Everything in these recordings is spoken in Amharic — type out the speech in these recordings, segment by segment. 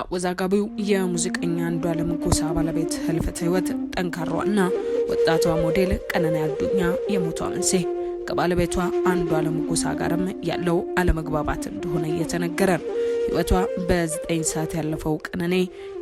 አወዛጋቢው የሙዚቀኛ አንዷለም ጎሳ ባለቤት ህልፈት ህይወት፣ ጠንካሯና ወጣቷ ሞዴል ቀነኒ አዱኛ የሞቷ መንስኤ ከባለቤቷ አንዷለም ጎሳ ጋርም ያለው አለመግባባት እንደሆነ እየተነገረ ነው። ህይወቷ በዘጠኝ ሰዓት ያለፈው ቀነኒ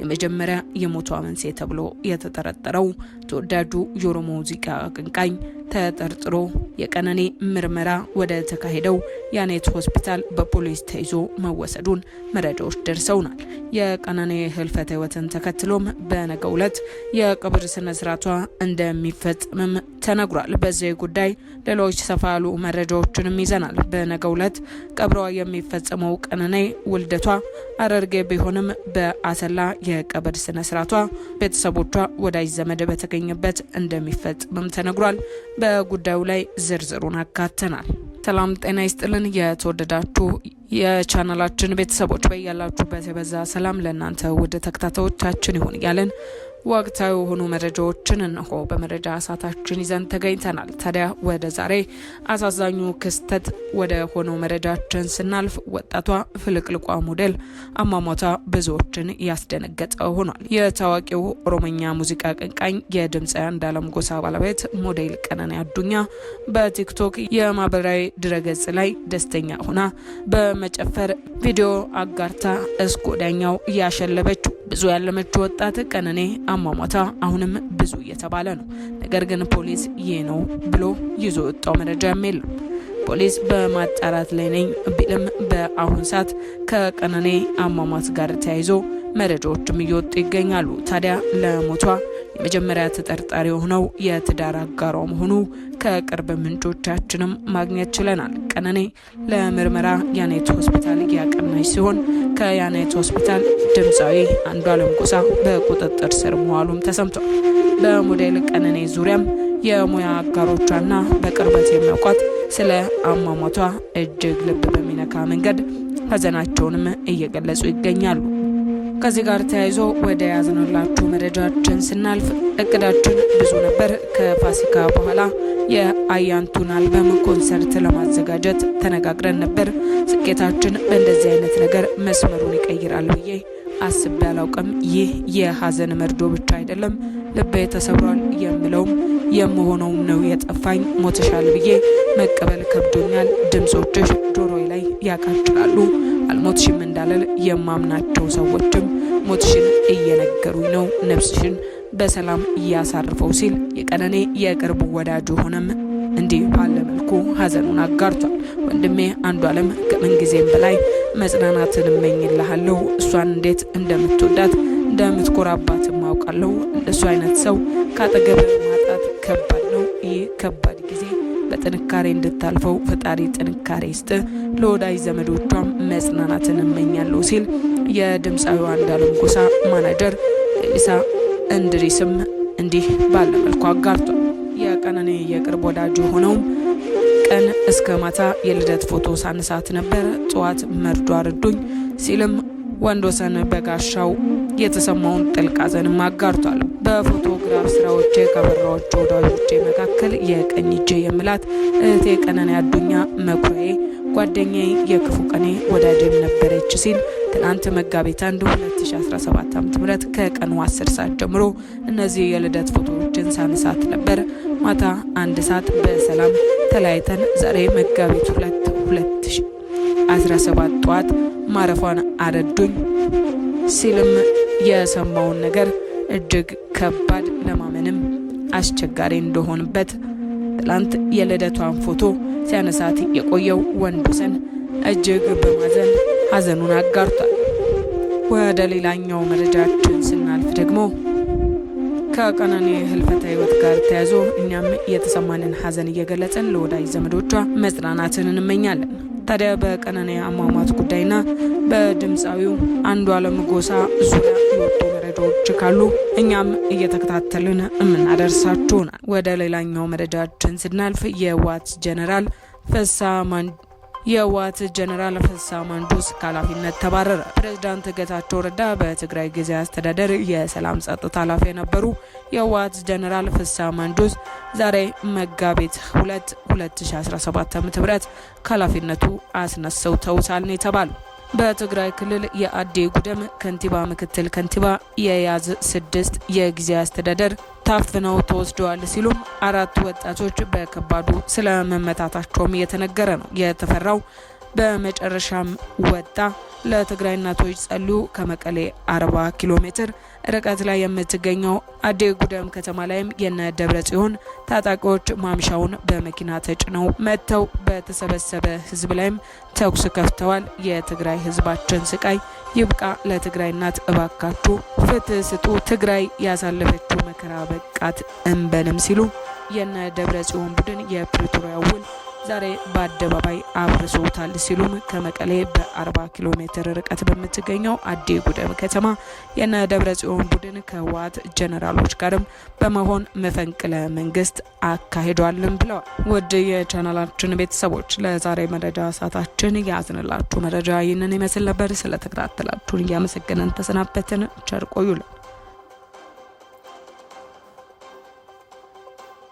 የመጀመሪያ የሞቷ መንስኤ ተብሎ የተጠረጠረው ተወዳጁ የኦሮሞ ሙዚቃ አቀንቃኝ ተጠርጥሮ የቀነኔ ምርመራ ወደ ተካሄደው የአኔት ሆስፒታል በፖሊስ ተይዞ መወሰዱን መረጃዎች ደርሰውናል። የቀነኔ ህልፈተ ህይወትን ተከትሎም በነገ ዕለት ስነ ስነስርዓቷ እንደሚፈጽምም ተነግሯል። በዚህ ጉዳይ ሌሎች ሰፋ ያሉ መረጃዎችንም ይዘናል። በነገ ዕለት ቀብሯ የሚፈጸመው ቀነኔ ውልደቷ አረርጌ ቢሆንም በአሰላ የቀብር ስነስርዓቷ ቤተሰቦቿ፣ ወዳጅ ዘመድ በተገኘበት እንደሚፈጽምም ተነግሯል። በጉዳዩ ላይ ዝርዝሩን አካተናል። ሰላም ጤና ይስጥልን። የተወደዳችሁ የቻናላችን ቤተሰቦች በያላችሁበት የበዛ ሰላም ለእናንተ ውድ ተከታታዮቻችን ይሁን እያለን ወቅታዊ የሆኑ መረጃዎችን እንሆ በመረጃ ሰዓታችን ይዘን ተገኝተናል። ታዲያ ወደ ዛሬ አሳዛኙ ክስተት ወደ ሆነው መረጃችን ስናልፍ ወጣቷ ፍልቅልቋ ሞዴል አሟሟቷ ብዙዎችን ያስደነገጠ ሆኗል። የታዋቂው ኦሮመኛ ሙዚቃ አቀንቃኝ የድምፃዊ አንዱዓለም ጎሳ ባለቤት ሞዴል ቀነን አዱኛ በቲክቶክ የማህበራዊ ድረገጽ ላይ ደስተኛ ሆና በመጨፈር ቪዲዮ አጋርታ እስከ ወዲያኛው ያሸለበችው ብዙ ያለመች ወጣት ቀነኔ አሟሟታ አሁንም ብዙ እየተባለ ነው። ነገር ግን ፖሊስ ይህ ነው ብሎ ይዞ ወጣው መረጃም የለም። ፖሊስ በማጣራት ላይ ነኝ ቢልም በአሁን ሰዓት ከቀነኔ አሟሟት ጋር ተያይዞ መረጃዎችም እየወጡ ይገኛሉ። ታዲያ ለሞቷ የመጀመሪያ ተጠርጣሪ የሆነው የትዳር አጋሯ መሆኑ ከቅርብ ምንጮቻችንም ማግኘት ችለናል። ቀነኔ ለምርመራ ያኔት ሆስፒታል ያቀናች ሲሆን ከያኔት ሆስፒታል ድምፃዊ አንዷለም ጎሳ በቁጥጥር ስር መዋሉም ተሰምቷል። በሞዴል ቀነኔ ዙሪያም የሙያ አጋሮቿና በቅርበት የሚያውቋት ስለ አሟሟቷ እጅግ ልብ በሚነካ መንገድ ሀዘናቸውንም እየገለጹ ይገኛሉ። ከዚህ ጋር ተያይዞ ወደ ያዝንላችሁ መረጃችን ስናልፍ እቅዳችን ብዙ ነበር። ከፋሲካ በኋላ የአያንቱን አልበም ኮንሰርት ለማዘጋጀት ተነጋግረን ነበር። ስኬታችን በእንደዚህ አይነት ነገር መስመሩን ይቀይራል ብዬ አስቤ አላውቅም። ይህ የሀዘን መርዶ ብቻ አይደለም ልቤ ተሰብሯል የምለውም የምሆነውም ነው የጠፋኝ። ሞትሻል ብዬ መቀበል ከብዶኛል። ድምፆችሽ ጆሮዬ ላይ ያቃጭላሉ። አልሞትሽም እንዳለል የማምናቸው ሰዎችም ሞትሽን እየነገሩኝ ነው ነፍስሽን በሰላም እያሳርፈው ሲል የቀነኔ የቅርብ ወዳጅ ሆነም እንዲህ ባለ መልኩ ሀዘኑን አጋርቷል። ወንድሜ አንዱ አለም ከምን ጊዜም በላይ መጽናናትን እመኝልሃለሁ። እሷን እንዴት እንደምትወዳት እንደምትኮራባትም አውቃለሁ። እንደሱ አይነት ሰው ከአጠገብ ማጣት ከባድ ነው። ይህ ከባድ ጊዜ በጥንካሬ እንድታልፈው ፈጣሪ ጥንካሬ ይስጥ። ለወዳጅ ዘመዶቿም መጽናናትን እመኛለሁ ሲል የድምፃዊዋ እንዳለም ጎሳ ማናጀር ሌሊሳ እንድሪስም እንዲህ ባለ መልኩ አጋርቷል። የቀነኔ የቅርብ ወዳጅ የሆነውም ቀን እስከ ማታ የልደት ፎቶ ሳንሳት ነበር፣ ጠዋት መርዶ አርዱኝ ሲልም ወንዶሰን በጋሻው የተሰማውን ጥልቅ ሐዘንም አጋርቷል። በፎቶግራፍ ስራዎቼ ከበራኋቸው ወዳጆቼ መካከል የቀኝ እጄ የምላት እህቴ ቀነን አዱኛ መኩሬ ጓደኛዬ የክፉ ቀኔ ወዳጄም ነበረች ሲል ትናንት መጋቢት አንድ 2017 ዓ.ም ከቀኑ 10 ሰዓት ጀምሮ እነዚህ የልደት ፎቶዎችን ሳነሳት ነበር። ማታ አንድ ሰዓት በሰላም ተለያይተን ዛሬ መጋቢት 2 2017 ጠዋት ማረፏን አረዱኝ ሲልም የሰማውን ነገር እጅግ ከባድ ለማመንም አስቸጋሪ እንደሆንበት ትላንት የልደቷን ፎቶ ሲያነሳት የቆየው ሰን እጅግ በማዘን ሀዘኑን አጋርቷል። ወደ ሌላኛው መረጃችን ስናልፍ ደግሞ ከቀነኒ ህልፈተ ህይወት ጋር ተያይዞ እኛም የተሰማንን ሀዘን እየገለጽን ለወዳጅ ዘመዶቿ መጽናናትን እንመኛለን። ታዲያ በቀነኒ አሟሟት ጉዳይና በድምፃዊው አንዷለም ጎሳ ዙሪያ የወጡ መረጃዎች ካሉ እኛም እየተከታተልን የምናደርሳችሁናል። ወደ ሌላኛው መረጃችን ስናልፍ የዋት ጀነራል ፈሳ የህወሓት ጀኔራል ፍሳ መንዱስ ከኃላፊነት ተባረረ። ፕሬዝዳንት ጌታቸው ረዳ በትግራይ ጊዜ አስተዳደር የሰላም ጸጥታ ኃላፊ የነበሩ የህወሓት ጀኔራል ፍሳ መንዱስ ዛሬ መጋቢት 2 2017 ዓ.ም ከኃላፊነቱ ተውታል ነው የተባሉ በትግራይ ክልል የአዴ ጉደም ከንቲባ ምክትል ከንቲባ የያዝ ስድስት የጊዜ አስተዳደር ታፍነው ተወስደዋል ሲሉም አራት ወጣቶች በከባዱ ስለመመታታቸውም እየተነገረ ነው የተፈራው በመጨረሻም ወጣ። ለትግራይ እናቶች ጸሉ ከመቀሌ 40 ኪሎ ሜትር ርቀት ላይ የምትገኘው አዴ ጉደም ከተማ ላይም የነ ደብረ ጽዮን ታጣቂዎች ማምሻውን በመኪና ተጭነው መጥተው በተሰበሰበ ህዝብ ላይም ተኩስ ከፍተዋል። የትግራይ ህዝባችን ስቃይ ይብቃ፣ ለትግራይ እናት እባካችሁ ፍትህ ስጡ፣ ትግራይ ያሳለፈችው መከራ በቃት እንበልም ሲሉ የነ ደብረ ጽዮን ቡድን የፕሪቶሪያ ውል ዛሬ በአደባባይ አፍርሶታል ሲሉም ከመቀሌ በ40 ኪሎ ሜትር ርቀት በምትገኘው አዴ ጉደብ ከተማ የነ ደብረ ጽዮን ቡድን ከህወሓት ጀኔራሎች ጋርም በመሆን መፈንቅለ መንግስት አካሂዷልም ብለዋል። ውድ የቻናላችን ቤተሰቦች ለዛሬ መረጃ ሰዓታችን ያዝንላችሁ መረጃ ይህንን ይመስል ነበር። ስለተከታተላችሁን እያመሰገነን ተሰናበትን። ቸር ቆዩልን።